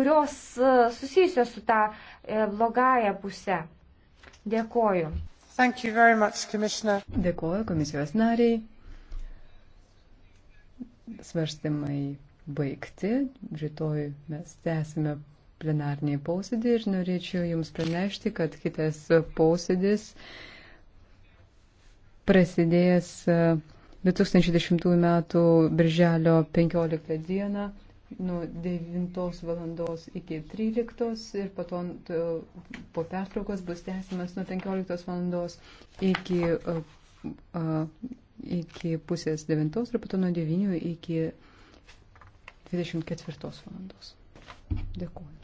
kurios e, susijusios su tą e, blogąją pusę. Dėkoju. Much, Dėkoju komisijos nariai. Svarstymai baigti. Rytoj mes tęsime plenarnį posėdį ir norėčiau Jums pranešti, kad kitas posėdis prasidės 2010 e, m. birželio 15 d nuo 9 valandos iki 13 ir po, to, po pertraukos bus tęsimas nuo 15 valandos iki, iki pusės 9 ir po to nuo 9 iki 24 valandos. Dėkuoju.